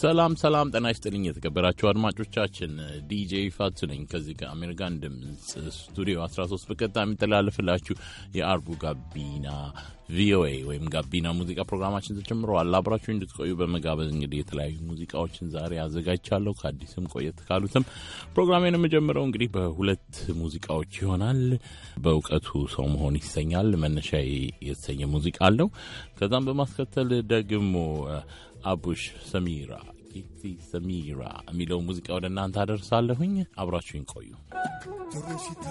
ሰላም ሰላም፣ ጤና ይስጥልኝ የተከበራችሁ አድማጮቻችን፣ ዲጄ ፋቱ ነኝ ከዚህ ከአሜሪካን ድምፅ ስቱዲዮ 13 በቀጥታ የሚተላለፍላችሁ የአርቡ ጋቢና ቪኦኤ ወይም ጋቢና ሙዚቃ ፕሮግራማችን ተጀምረዋል። አብራችሁ እንድትቆዩ በመጋበዝ እንግዲህ የተለያዩ ሙዚቃዎችን ዛሬ አዘጋጅቻለሁ። ከአዲስም ቆየት ካሉትም ፕሮግራሜን የምጀምረው እንግዲህ በሁለት ሙዚቃዎች ይሆናል። በእውቀቱ ሰው መሆን ይሰኛል መነሻ የተሰኘ ሙዚቃ አለው። ከዛም በማስከተል ደግሞ አቡሽ ሰሚራ ሰሚራ የሚለው ሙዚቃ ወደ እናንተ አደርሳለሁኝ። አብራችሁኝ ቆዩ። ድሮ ሽታ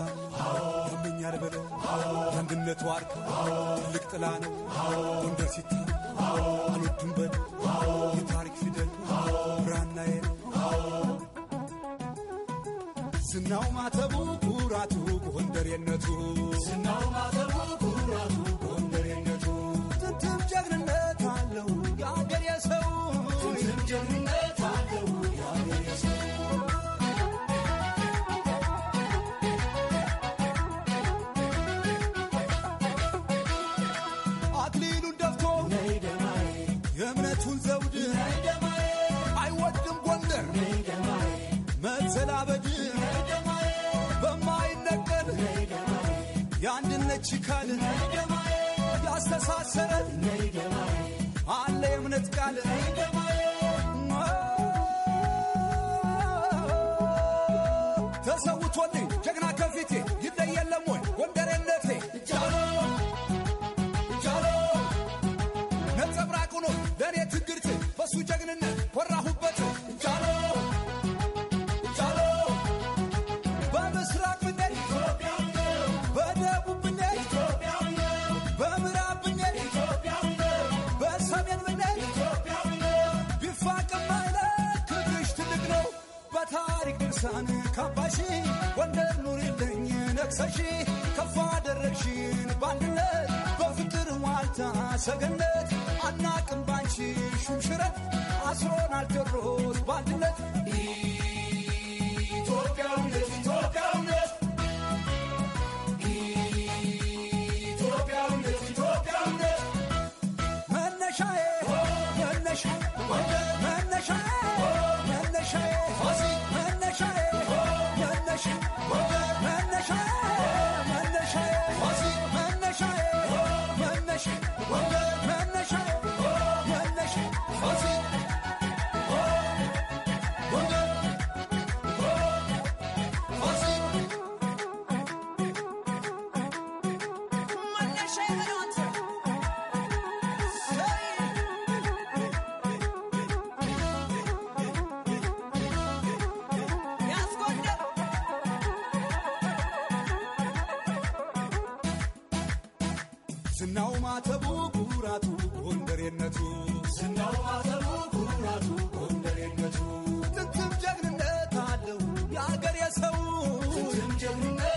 ልበለ በለው አንድነቱ ትልቅ ጥላ ነው ጎንደር ሽታ አልወድም የታሪክ ፊደል ብራናዬ ነው ዝናው ማተቡ ኩራቱ የነቱ ዝናው ማተቡ ችካል ያስተሳሰረ አለ የእምነት ቃል ረሳን ካባሺ ጎንደር ኑሪልኝ ነቅሰሺ ከፍ አደረግሽን በአንድነት በፍቅር ዋልታ ሰገነት አናቅም ባንቺ ሹምሽረት አስሮን አልጀሮ ስናው ማተቡ ጉራቱ ጎንደሬነቱ ዝናው ማተቡ ኩራቱ ጎንደሬነቱ ትትም ጀግንነት አለው የአገር የሰው ጀግንነት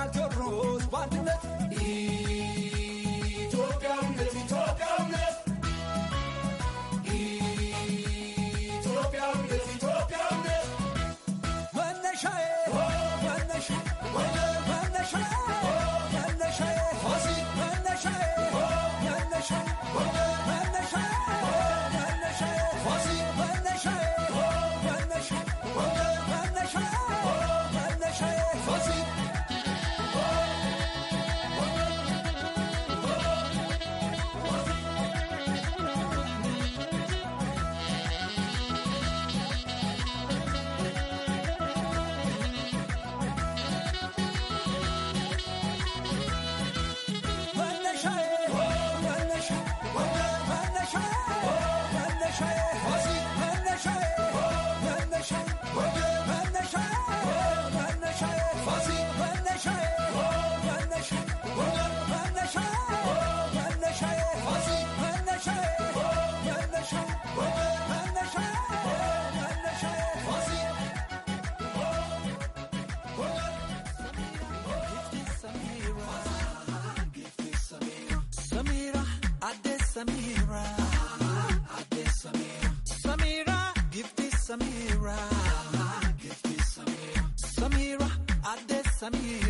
I go I'm here.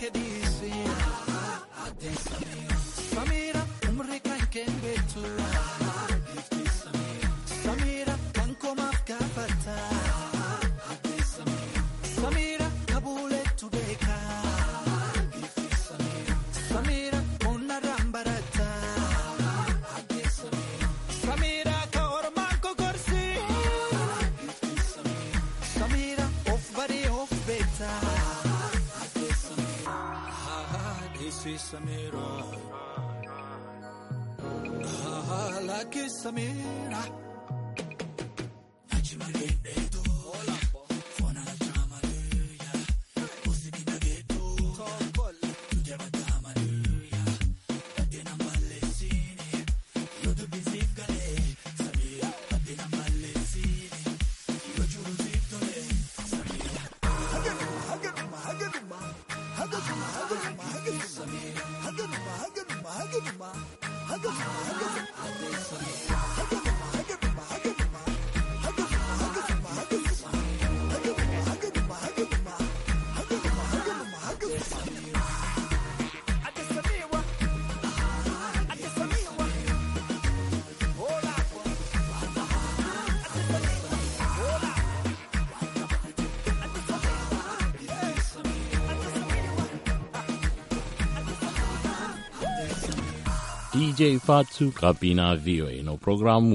كدير Thank you. ዲጄ ፋቱ ጋቢና ቪኦኤ ነው ፕሮግራሙ።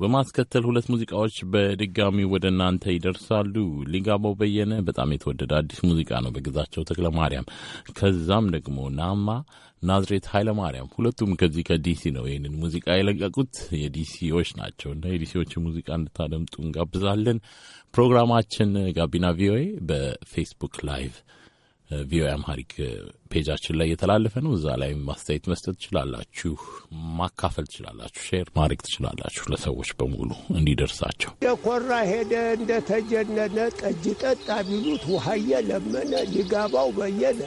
በማስከተል ሁለት ሙዚቃዎች በድጋሚ ወደ እናንተ ይደርሳሉ። ሊጋባው በየነ በጣም የተወደደ አዲስ ሙዚቃ ነው በግዛቸው ተክለ ማርያም፣ ከዛም ደግሞ ናማ ናዝሬት ኃይለ ማርያም። ሁለቱም ከዚህ ከዲሲ ነው ይህንን ሙዚቃ የለቀቁት የዲሲዎች ናቸው እና የዲሲዎች ሙዚቃ እንድታደምጡ እንጋብዛለን። ፕሮግራማችን ጋቢና ቪኦኤ በፌስቡክ ላይቭ ቪኦኤ አምሃሪክ ፔጃችን ላይ እየተላለፈ ነው። እዛ ላይ ማስተያየት መስጠት ትችላላችሁ፣ ማካፈል ትችላላችሁ፣ ሼር ማድረግ ትችላላችሁ። ለሰዎች በሙሉ እንዲደርሳቸው የኮራ ሄደ እንደተጀነነ ጠጅ ጠጣ ቢሉት ውሃየ ለመነ ሊጋባው በየነ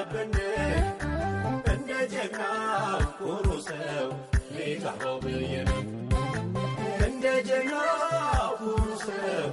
አለብን እንደ ጀግና ኩሩ ሰው እንደ ጀግና ኩሩ ሰው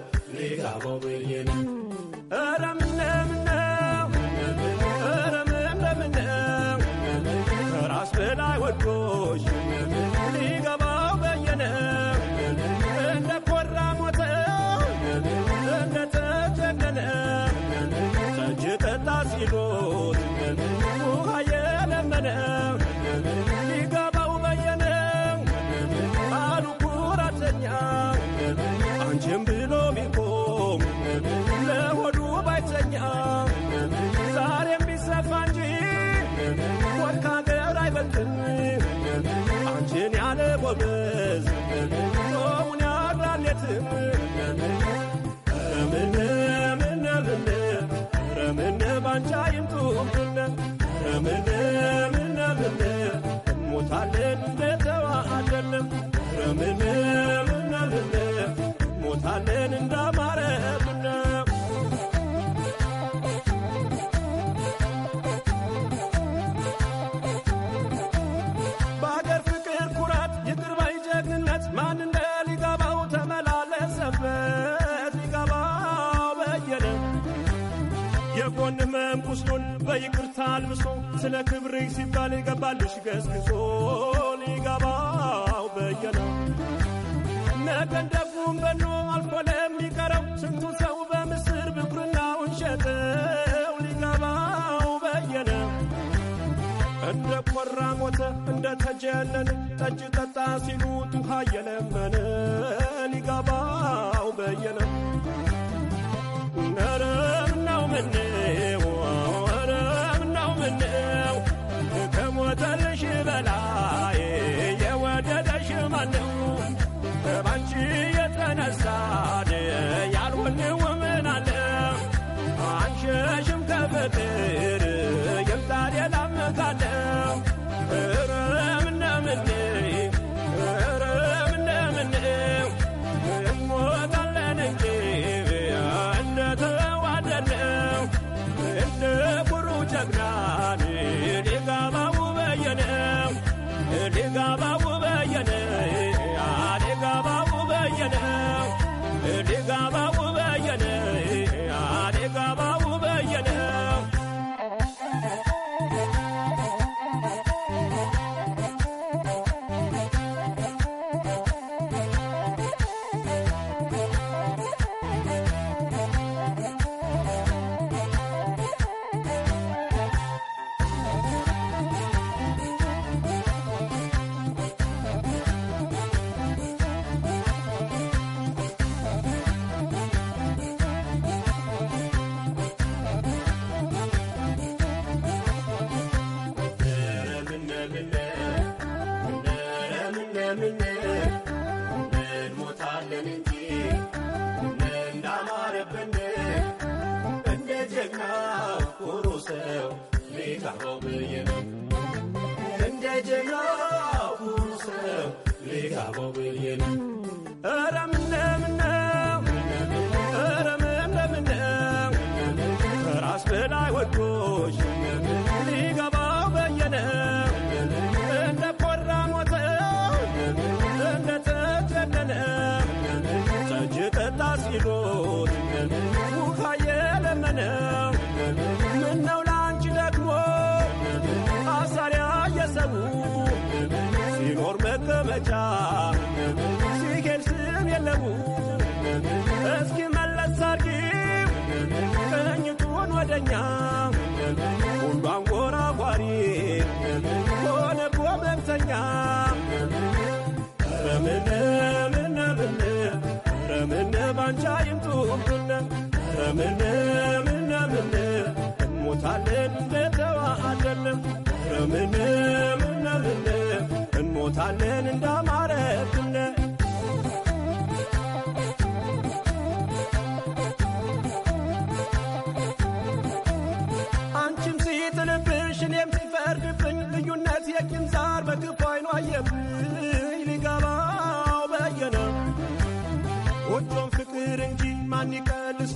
on አልብሶ ስለ ክብሬ ሲባል ይገባልሽ ገዝግዞ ሊገባው ነገን መገንደፉን በኖ አልፎ ለሚቀረው ስንቱ ሰው በምስር ብኩርናውን ሸጠው ሊገባው በየነ እንደ ቆራ ሞተ እንደ ተጀነን ጠጅ ጠጣ ሲሉት ውሃ የለመነ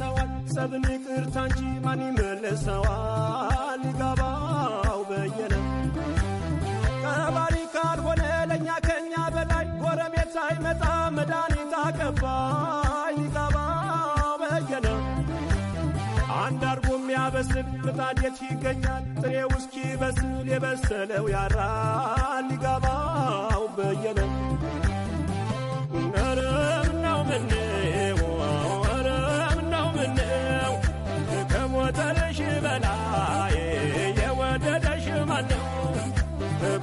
ይመልሰዋል? ሰብን ይቅርታ እንጂ ማን ይመልሰዋል? ይገባው በየነ ቀባሪ ካልሆነ ለእኛ ከእኛ በላይ ጎረቤት ሳይመጣ መድኃኒት አቀባይ ይገባው በየነ አንድ አርጎ የሚያበስል ምጣድ የት ይገኛል? ጥሬ ጥሬው እስኪበስል የበሰለው ያራል ይገባው በየነ ነርም ነው ምኔው ከመጠንሽ በላይ የወደደሽ ማነው?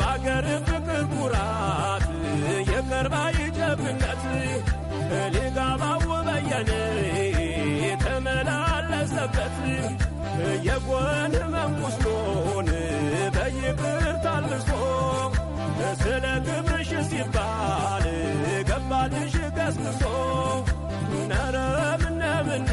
በአገር ፍቅር ኩራት የቀርባይ ጀግነት ሊጋባው በየነ ተመላለሰበት የጎን መንቁስሎን በይቅርታ ልሶ ስለ ግብርሽ ሲባል ገባልሽ ገስግሶ ነረምነምነ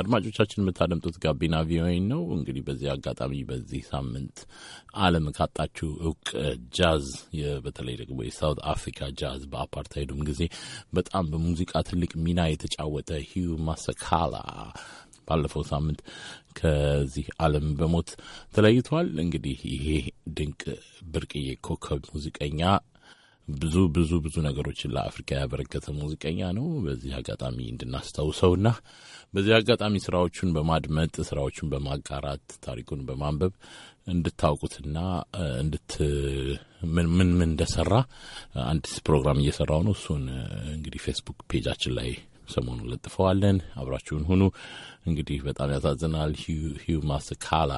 አድማጮቻችን የምታደምጡት ጋቢና ቪኦኤ ነው። እንግዲህ በዚህ አጋጣሚ በዚህ ሳምንት ዓለም ካጣችው እውቅ ጃዝ በተለይ ደግሞ የሳውት አፍሪካ ጃዝ በአፓርታይዱም ጊዜ በጣም በሙዚቃ ትልቅ ሚና የተጫወተ ሂዩ ማሰካላ ባለፈው ሳምንት ከዚህ ዓለም በሞት ተለይቷል። እንግዲህ ይሄ ድንቅ ብርቅዬ ኮከብ ሙዚቀኛ ብዙ ብዙ ብዙ ነገሮችን ለአፍሪካ ያበረከተ ሙዚቀኛ ነው። በዚህ አጋጣሚ እንድናስታውሰውና በዚህ አጋጣሚ ስራዎቹን በማድመጥ ስራዎቹን በማጋራት ታሪኩን በማንበብ እንድታውቁትና እንድት ምን ምን እንደሰራ አንድ ፕሮግራም እየሰራው ነው። እሱን እንግዲህ ፌስቡክ ፔጃችን ላይ ሰሞኑን ለጥፈዋለን። አብራችሁን ሁኑ። እንግዲህ በጣም ያሳዝናል። ሂዩ ማስካላ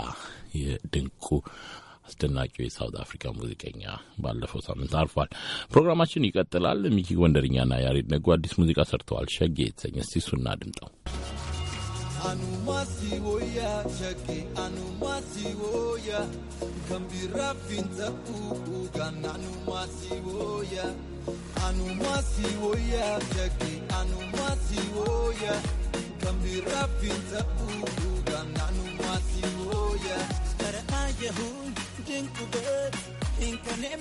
የድንቁ አስደናቂው የሳውት አፍሪካ ሙዚቀኛ ባለፈው ሳምንት አርፏል። ፕሮግራማችን ይቀጥላል። ሚኪ ጎንደርኛና ያሬድ ነጉ አዲስ ሙዚቃ ሰርተዋል። ሸጌ የተሰኘ እስቲ እሱን ድምጠው drink today. In Kane, shagene. Shagene,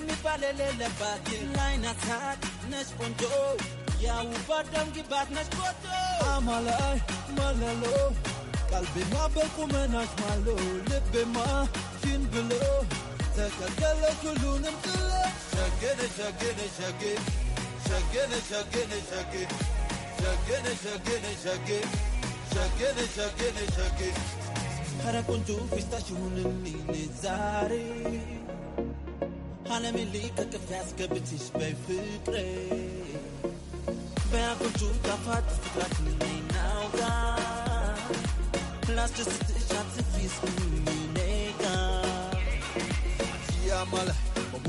shagene, shagene. Shagene, shagene, shagene. Shagene, shagene, shagene. ከረ ቆንጆ ፊስታሽሁንልኝ ዛሬ አለሜሌ ከቅፍ ያስገብትሽ በፍቅሬ በያጎቹ ጣፋጭ ፍቅራችን እናውጋ ላስደስትሽ አትፍሪ እስኪኔ ያማለ በቡ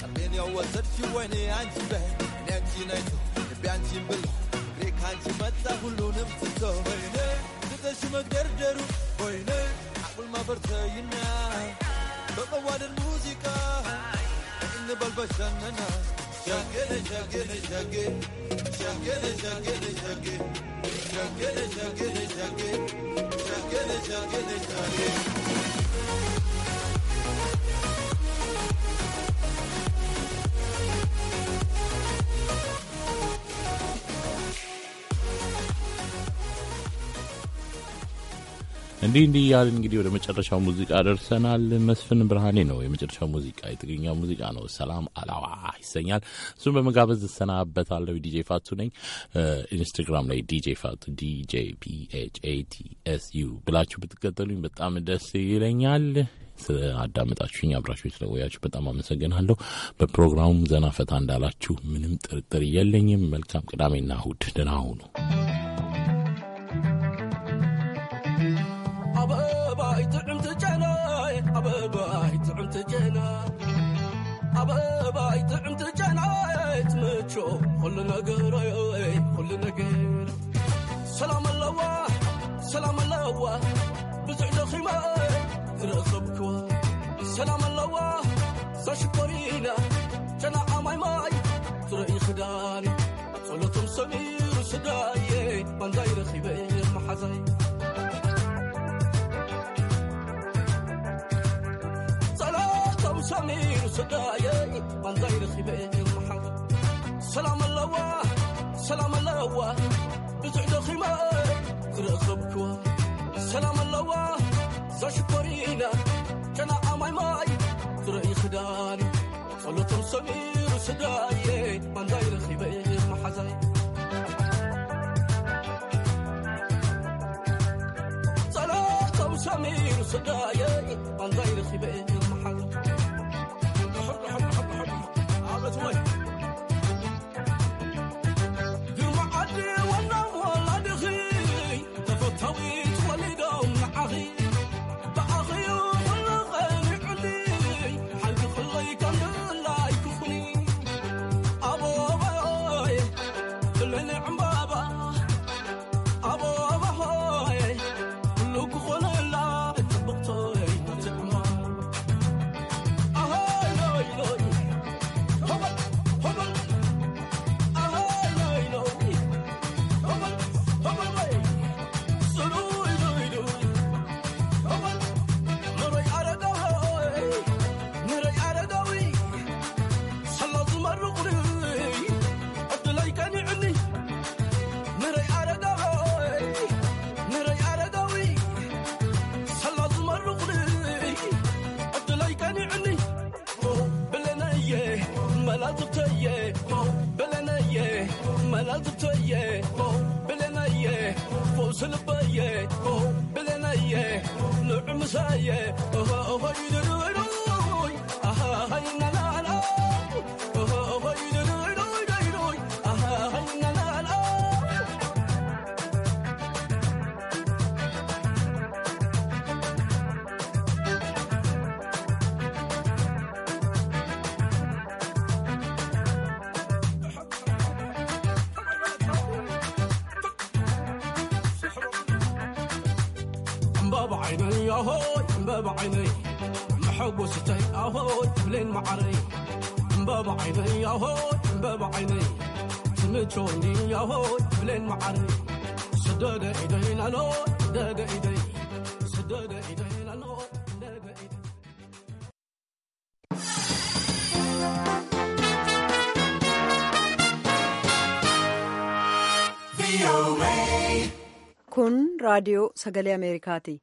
ቀሜን ያወሰድሽ ወይኔ አንቺ በ እኔ አንቺ ነይቶ ልቤ አንቺን ብሎ እግሬ ካንቺ መጣ ሁሉንም ትቶ ወይኔ ትተሽ መግደርደሩ وينك حول ما برتينا بطول الموسيقى إن بالبشننا شقل شقل شقل شقل شقل شقل شقل شقل شقل شقل شقل شقل እንዲህ እንዲህ እያልን እንግዲህ ወደ መጨረሻው ሙዚቃ ደርሰናል። መስፍን ብርሃኔ ነው የመጨረሻው ሙዚቃ፣ የትግርኛው ሙዚቃ ነው። ሰላም አላዋ ይሰኛል። እሱም በመጋበዝ እሰናበታለሁ። ዲጄ ፋቱ ነኝ። ኢንስታግራም ላይ ዲጄ ፋቱ ዲጄ ፒኤችኤቲኤስዩ ብላችሁ ብትከተሉኝ በጣም ደስ ይለኛል። አዳመጣችሁኝ፣ አብራችሁ ስለቆያችሁ በጣም አመሰግናለሁ። በፕሮግራሙም ዘና ፈታ እንዳላችሁ ምንም ጥርጥር የለኝም። መልካም ቅዳሜና እሁድ። ደህና ሁኑ። ተሽኮሪና ጨናዓ ማይማይ ትርኢ ክዳን ጸሎቶም ሰሚሩ ስዳየ ባንዳይ ረኺበ መሓዛይ ጸሎቶም ሰሚሩ ስዳየ ባንዳይ ረኺበ መሓዛይ ሰላም ኣለዋ ሰላም ኣለዋ ብዙሕ ደኺመ ዝረኸብክዋ ሰላም ኣለዋ ዛሽኮሪና داري صلو ترسمي رسداي من غير خبير محزاي صلاة وسمير صداي من غير خبير محزاي بعيني اهوي بعيني محبوستي اهوي لين معري بعيني اهوي بعيني تمجوني اهوي لين معري سداد ايدينا لو داد ايدي سداد ايدينا لو داد ايدي kun raadiyoo sagalee ameerikaati.